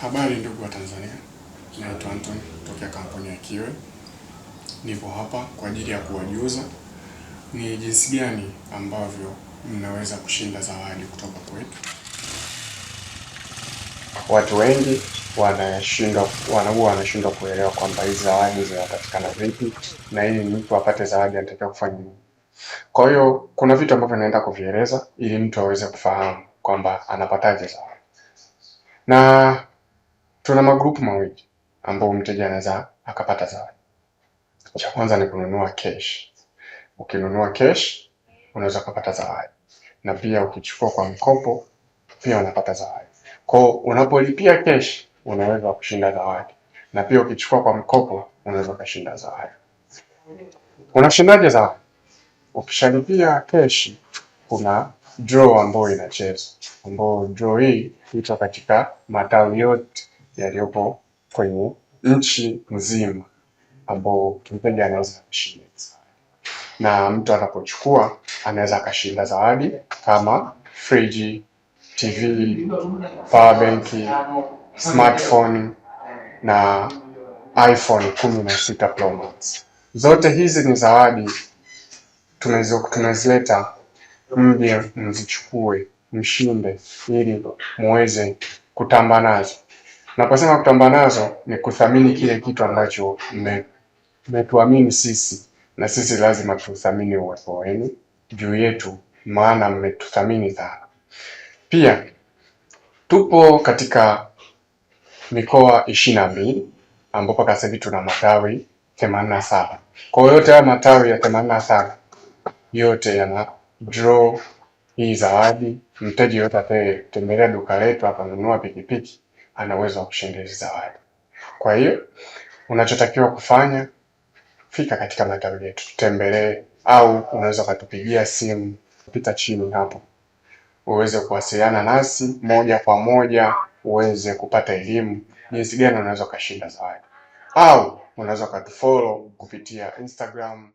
Habari ndugu wa Tanzania, naitwa Anton kutoka kampuni ya Kiwe. Nipo hapa kwa ajili ya kuwajuza ni jinsi gani ambavyo mnaweza kushinda zawadi kutoka kwetu. Watu wengi wanashindwa wanaua wanashindwa kuelewa kwamba hizi zawadi zinapatikana vipi na ili mtu apate zawadi anatakiwa kufanya nini. Kwa hiyo kuna vitu ambavyo naenda kuvieleza ili mtu aweze kufahamu kwamba anapataje zawadi na tuna magrupu mawili ambao mteja anaweza akapata zawadi. Cha kwanza ni kununua cash. Ukinunua cash unaweza kupata zawadi, na pia ukichukua kwa mkopo pia unapata zawadi. Kwa unapolipia cash unaweza kushinda zawadi, na pia ukichukua kwa mkopo unaweza kushinda zawadi. Unashindaje zawadi? Ukishalipia cash kuna draw ambayo inacheza, ambayo draw hii iko katika matawi yote yaliyopo kwenye nchi nzima ambao mpenja anaweza kushinda na mtu anapochukua anaweza akashinda zawadi kama friji, TV, power bank, smartphone na iPhone 16 Pro Max. Zote hizi ni zawadi tumezileta mje mzichukue mshinde, ili muweze kutamba nazo. Naposema kutamba nazo ni kuthamini kile kitu ambacho mmetuamini sisi, na sisi lazima tuthamini uwepo wenu juu yetu, maana mmetuthamini sana. Pia tupo katika mikoa ishirini na mbili ambapo sasa hivi tuna matawi themanini na saba. Kwa hiyo yote haya matawi ya themanini na saba yote yana draw hii zawadi. Mteja yote atatembelea duka letu akanunua pikipiki ana uwezo wa kushinda hizi zawadi. Kwa hiyo unachotakiwa kufanya, fika katika matawi yetu, tutembelee, au unaweza ukatupigia simu, pita chini hapo uweze kuwasiliana nasi moja kwa moja, uweze kupata elimu jinsi gani unaweza ukashinda zawadi, au unaweza ukatufollow kupitia Instagram.